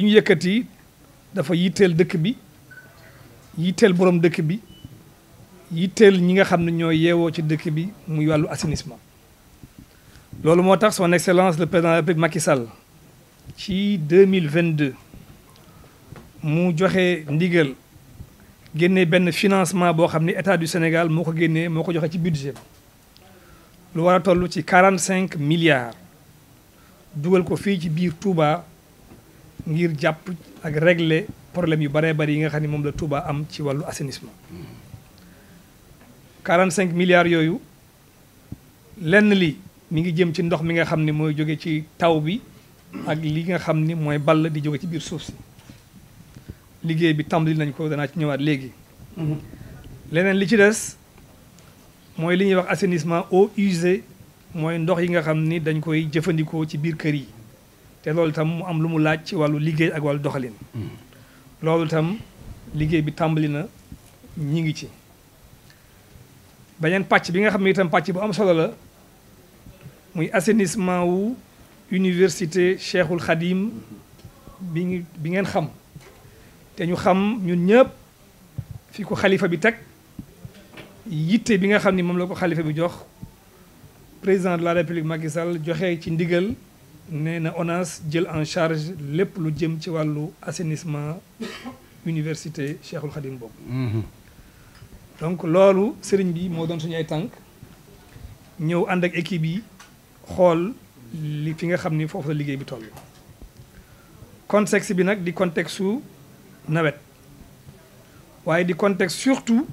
li ñu yëkkati dafa yitteel dëkk bi yitteel borom dëkk bi yitteel ñi nga xam ne ñoo yeewoo ci dëkk bi muy wàllu assainissement loolu moo tax son excellence le président de la République Macky Sall ci 2022 mu joxe ndigal génne benn financement boo xam ne état du Sénégal moo ko génnee moo ko joxe ci budget lu war a toll ci 45 milliards dugal ko fii ci biir Touba ngir jàpp ak régler problème yu baree bari yi nga xam ni moom la Touba am ci wàllu assainissement cinq milliards yooyu lenn li mu ngi jëm ci ndox mi nga xam ni mooy jóge ci taw bi ak li nga xam ni mooy ball di jóge ci biir suuf si liggéey bi tàmbali nañ ko danaa ci ñëwaat léegi leneen li ci des mooy li ñuy wax assainissement eaux use mooy ndox yi nga xam ni dañ koy jëfandikoo ci biir kër yi te loolu itam mu am lu mu laaj ci wàllu liggéey ak wàllu doxalin. Hmm. loolu itam liggéey bi tàmbali na ñi ngi ci. beneen pàcc bi nga xam ne itam pàcc bu am solo la muy assainissement wu université Cheikhul xadim bi ngeen xam te ñu xam ñun ñëpp fi ko xalifa bi teg yitte bi nga xam ni moom la ko xalifa bi jox président de la république Macky joxe ci ndigal. nee na ONAS jël en charge lépp lu jëm ci wàllu assainissement université Cheikhul Khadim boobu. Mhm. donc loolu sëriñ bi moo doon suñu ay tànk ñëw ànd ak équipe yi xool li fi nga xam ni foofu la liggéey bi toll. contexte bi nag di contexte su nawet waaye di contexte surtout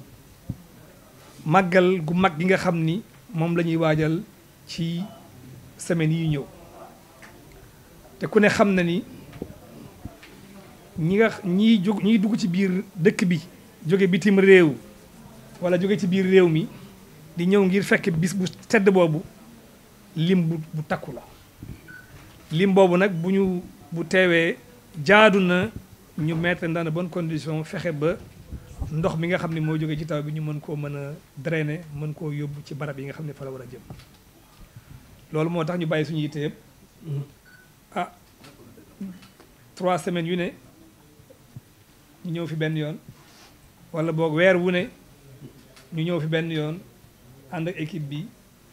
màggal gu mag gi nga xam ni moom la ñuy waajal ci semaine yi ñëw. te ku ne xam na ni ñi nga ñi jóg ñiy dugg ci biir dëkk bi jóge bitim réew wala jóge ci biir réew mi di ñëw ngir fekk bis bu sedd boobu lim bu bu takku la lim boobu nag bu ñu bu teewee jaadu na ñu mettre dans de bonnes conditions fexe ba ndox mi nga xam ni moo jóge ci taw bi ñu mën koo mën a drainer mën koo yóbbu ci barab yi nga xam ne fa la war a jëm loolu moo tax ñu bàyyi suñu yitte yëpp trois semaines yu ne ñu ñëw fi benn yoon wala boog weer wu ne ñu ñëw fi benn yoon ànd ak équipe bi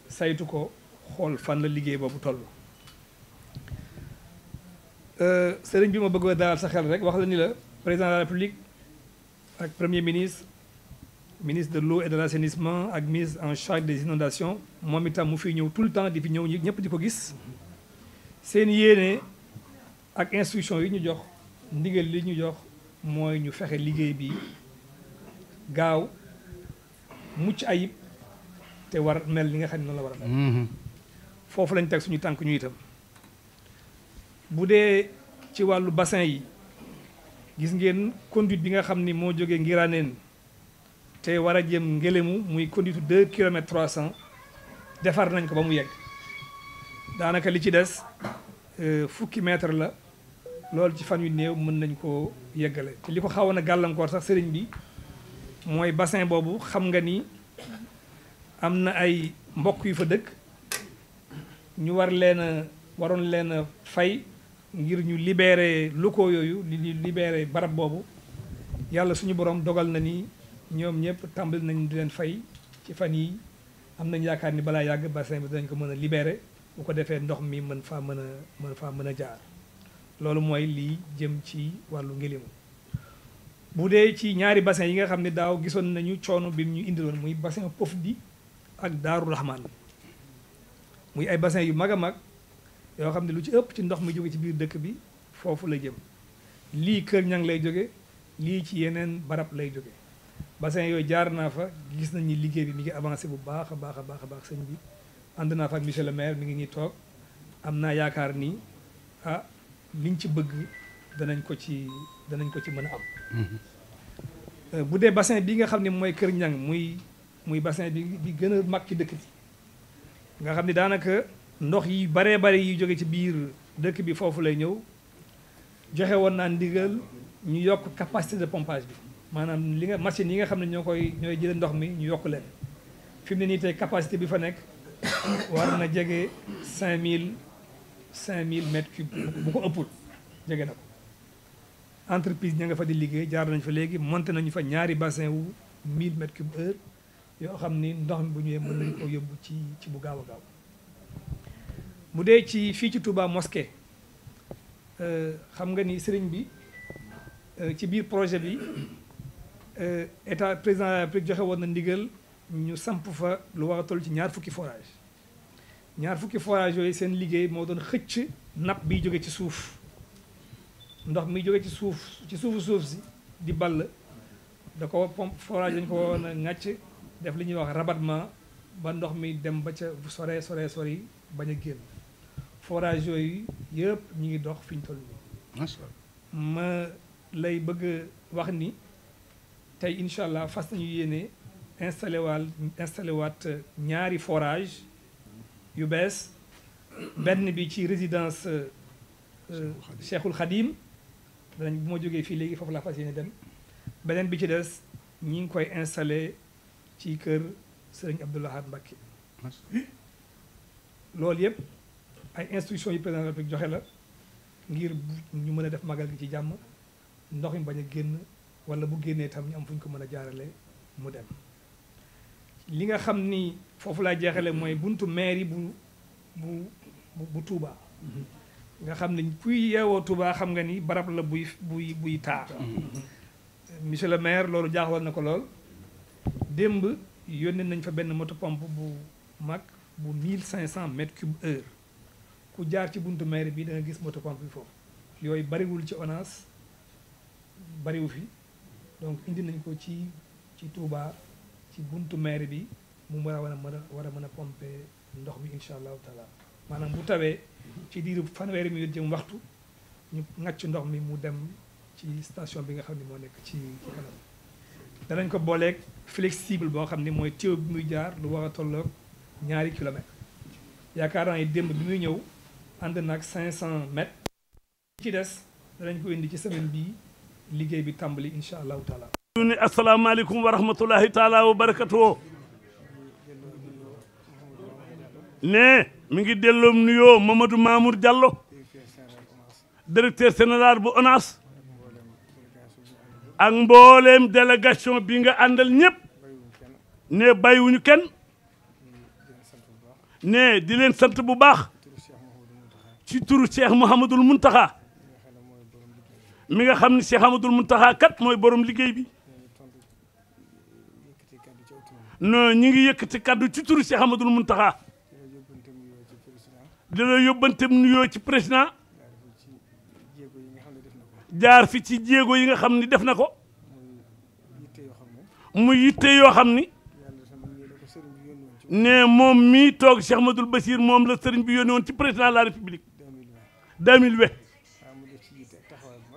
saytu ko xool fan la liggéey boobu toll. Euh, sëriñ bi ma bëgg a dalal sa xel rek wax la ni la président de la république ak premier ministre ministre de l'eau et de l'assainissement ak mise en charge des inondations moom itam mu fi ñëw tout le temps di fi ñëw ñi ñëpp di ko gis seen yéene. ak institution yi ñu jox ndigal li ñu jox mooy ñu fexe liggéey bi gaaw mucc ayib te war mel li nga xam ne noonu la war a mel mm-hmm. foofu lañ teg suñu tànk ñu itam bu dee ci wàllu bassin yi gis ngeen conduite bi nga xam ni moo jógee Ngiraneen te war a jëm Ngélému muy conduite deux kilomètres trois cent defar nañ ko ba mu yegg daanaka li ci des euh, fukki mètre la loolu ci fan yu néew mën nañ koo yeggale te li ko xawoon na gàllankoor sax sëriñ bi mooy bassin boobu xam nga ni am na ay mbokk yu fa dëkk ñu war leen waroon leen a fay ngir ñu libéré locaux yooyu li ñu libéré barab boobu yàlla suñu borom dogal na ni ñoom ñëpp tàmbali nañ di leen fay ci fan yi am nañ yaakaar ni balaa yàgg bassin bi dinañ ko mën a libéré bu ko defee ndox mi mën faa mën a mën faa mën a jaar loolu mooy lii jëm ci wàllu ngélimu bu dee ci ñaari bassin yi nga xam ne daaw gisoon nañu coono bi ñu indi indiloon muy bassin pof bi ak daaru raxmaan muy ay bassin yu mag a mag yoo xam ne lu ci ëpp ci ndox mi jóge ci biir dëkk bi foofu la jëm lii kër ñang lay jóge lii ci yeneen barab lay jóge bassin yooyu jaar naa fa gis nañu liggéey bi mi ngi avancé bu baax a baax a baax a baax sëñ bi ànd naa fa ak monsieur maire mi ngi ñuy toog am naa yaakaar nii ah liñ ci bëgg danañ ko ci danañ ko ci mën a am. Mm-hmm. Euh, bu dee bassin bi nga xam ne mooy Kër Ñang muy muy bassin bi bi gën a mag ci dëkk bi nga xam ne daanaka ndox yi baree bare yi jóge ci biir dëkk bi foofu lay ñëw joxe woon naa ndigal ñu yokk capacité de pompage bi maanaam li nga machine yi nga xam ne ñoo koy ñooy jëlee ndox mi ñu yokk leen fi mu ne nii tey capacité bi fa nekk war na jege mille cinq mille mètres cube bu ko ëppul jege na ko entreprise ña nga fa di liggéey jaar nañ fa léegi monté nañu fa ñaari bassin wu mille mètres cube heure yoo xam ni ndox mi bu ñëwee mën nañ ko yóbbu ci ci bu gaaw a gaaw bu dee ci fii ci Touba mosquée euh, xam nga ni sëriñ bi euh, ci biir projet bi euh, état président de joxe woon na ndigal ñu samp fa lu war a toll ci ñaar fukki forage ñaar fukki forage yooyu seen liggéey moo doon xëcc napp biy jóge ci suuf ndox mi jóge ci suuf ci suufu suuf si di ball da ko pompe forage dañu ko woon ŋàcc def li ñuy wax rabattement ba ndox mi dem ba ca sore sore yi bañ a génn forage yooyu yëpp ñu ngi dox fi ñu toll nii ma lay bëgg wax ni tey incha allah fas nañu yéene installé waal installé waat ñaari forage yu bees benn bi ci résidence euh, euh, Cheikhul Khadim danañ bu ma jógee fii léegi foofu laa fas yéene dem beneen bi ci des ñi ngi koy installé ci kër Serigne Abdou Lahad Mbacké loolu yëpp ay instructions yu président de joxe la ngir ñu mën a def magal gi ci jàmm ndox mi bañ a génn wala bu génnee tam ñu am fu ñu ko mën a jaarale mu dem li nga xam ni foofu laa jeexale mooy buntu mairie bu bu bu Touba. nga xam ni kuy yeewoo Touba xam nga ni barab la buy buy buy taar. monsieur le maire loolu jaaxwal na ko lool. démb yónnee nañ fa benn moto pompe bu mag bu 1500 mètres cube heure ku jaar ci buntu mairie bi da gis moto pompe bi foofu yooyu bariwul ci ONAS bariwu fi donc indi nañ ko ci ci tuubaa ci buntu maire bi mu war a war mën a war a mën a pomper ndox bi incha allahu taala maanaam bu tawee ci diiru fanweeri mi jëm waxtu ñu ŋàcc ndox mi mu dem ci station bi nga xam ne moo nekk ci danañ ko booleeg flexible boo xam ne mooy tuyau bi muy jaar lu war a tolloog ñaari kilomètre yaakaar naa ne démb bi muy ñëw ànd naag 500 mètres. ci des danañ ko indi ci semaine bi liggéey bi tàmbali incha allahu taala. ni asalaamaaleykum wa rahmatulahi taala wa barakatuhu ne mi ngi delloom nuyoo Mamadou Mamour Diallo directeur général bu ONAS ak mbooleem délégation bi nga àndal ñëpp ne bàyyiwuñu kenn ne di leen sant bu baax ci turu Cheikh Mouhamadoul Mountakha mi nga xam ne Cheikh Amadou Mountakha kat mooy boroom liggéey bi no ñu ngi yëkk yëkkati kaddu ci turu Cheikh Ahmadul Muntaxa dina yóbbanteem nuyoo ci président jaar fi ci jéego yi nga xam ni def na ko mu yitte yoo xam ni ne moom mii toog Cheikh Ahmadul Basir moom la sëriñ bi yónni woon ci président de la république 2020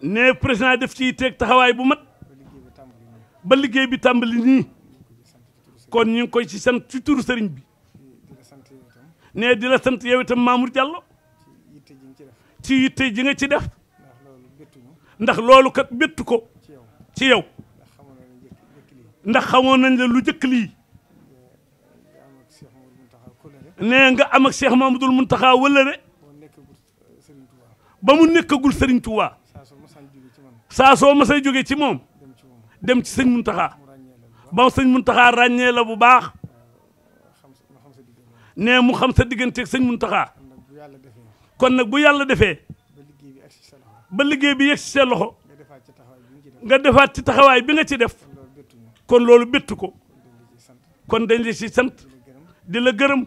ne président def ci yitteeg taxawaay bu mat ba liggéey bi tàmbali nii kon ñu ngi koy ci sent ci sëriñ bi ne di la sant yow itam Mamour Diallo ci yitte ji nga ci def ndax loolu kat bettu ko ci yow ndax xamoon nañ la lu jëkk lii nee nga am ak Cheikh Mamadul Muntaxa wala de ba mu nekkagul Serigne Touba saa soo masay jógee ci moom dem ci sëñ Muntaxa ba sëñ mun taxaar ràññee la bu baax nee mu xam sa digganteeg sëñ Muntaxa kon nag bu yàlla defee ba liggéey bi yegg si sa loxo nga defaat ci taxawaay bi nga ci def kon loolu béttu ko kon dañ la ci sant di la gërëm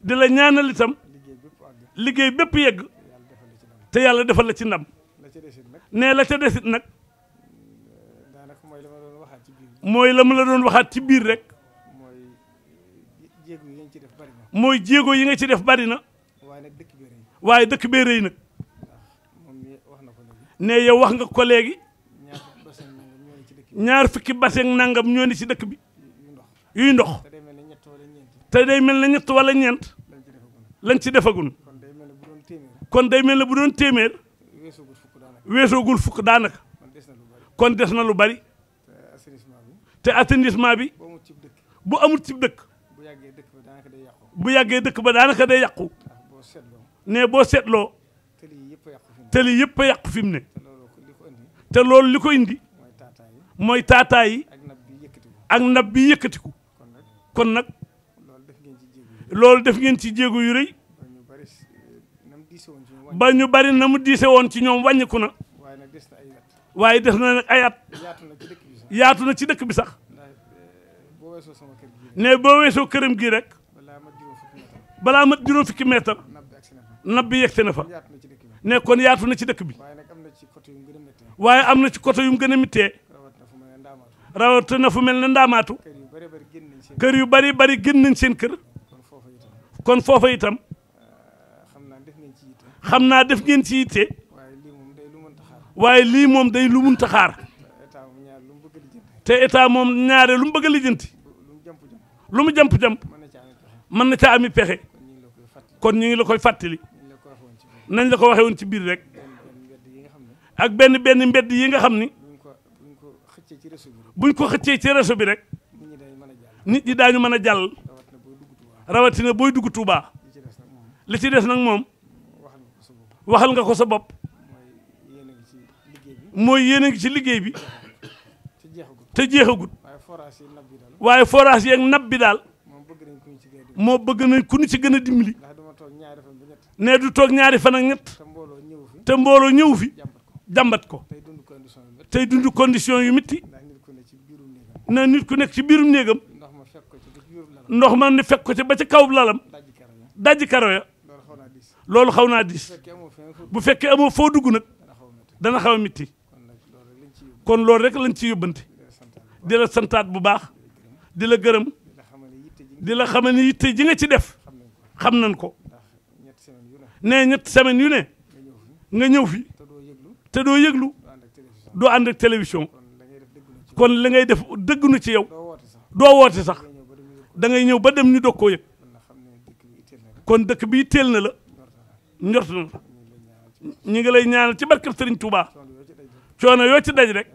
di la ñaanal itam liggéey bépp yegg te yàlla defal la ci ndam nee la ca desit nag mooy la mu la doon waxaat ci biir rek mooy jéego yi nga ci def bari na waaye dëkk bee rëy nag ne yow wax nga ko léegi ñaar fukki bassin nangam ñoo ne ci dëkk bi yuy ndox te day mel na ñett wala ñeent lañ ci defagun kon day mel ne bu doon téeméer weesoogul fukk daanaka kon des na lu bari te assainissement bi bu amul cib dëkk bu yàggee dëkk ba daanaka day yàqu ah, ne boo seetloo tëli yëpp a yàqu fi mu ne te loolu li ko indi mooy taataa yi ak nab bi yëkkati yëkkatiku kon nag loolu def ngeen ci jéego yu rëy ba ñu bari eh, na mu diise woon ci ñoom wàññiku na waaye des na nag ay at yaatu na ci dëkk bi sax ne boo weesoo këram gii rek balaa mat juróom fukki meetar nab bi yegg na fa ne kon yaatu na ci dëkk bi waaye am na ci côté yu gën a mittee rawat na fu mel na ndaamaatu kër yu bari bari génn nañ seen kër kon foofa itam xam naa def ngeen ci yitte waaye lii moom day lu mun taxaar te état moom ñaare lu mu bëgg a lijjanti lu mu jamp-jamp man na caa ami pexe kon ñu ngi la koy fàttali nañ la ko waxee woon ci biir rek ak benn benn mbedd yi nga xam ni buñ ko xëccee ci réseau bi rek nit ñi daañu mën a jàll rawatina booy dugg Touba li ci des nag moom waxal nga ko sa bopp mooy yéen a ci liggéey bi te jeexagut waaye forage yeeg nab bi daal moo bëgg nañ ku ñu ci gën a dimbali ne du toog ñaari fan ak ñett te mbooloo ñëw fi jàmbat ko tey dund condition yu métti na nit ku nekk ci biirum néegam ndox ma ni fekk ko ci ba ci kaw lalam dajji karo ya loolu xaw naa diis bu fekkee amoo foo dugg nag dana xaw a métti kon loolu rek lañu ci yóbbante di la bu baax di la gërëm di la xamal ni yitte ji nga ci def xam nañ ko ne ñetti semaine yu ne nga ñëw fi te doo yëglu doo ànd ak télévision kon li ngay def dëgg nu ci yow doo woote sax da ngay ñëw ba dem ñu dog koo yëg kon dëkk bi teel na la njort na ñu ngi lay ñaanal ci barkab Sëriñ Tuubaa coono yoo ci daj rek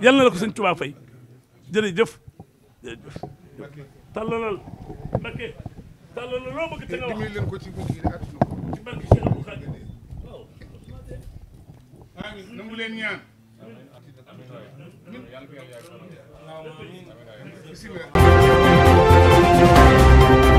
yal na la ko Sëriñ Tuubaa fay jërëjëf jërëjëf tàllalal Mbakke tàllalal loo bëgg te nga wax dimbali leen ko ci guddi gi ak ci barke Cheikh Abdou Khadim amiin nangu leen ñaan bismillah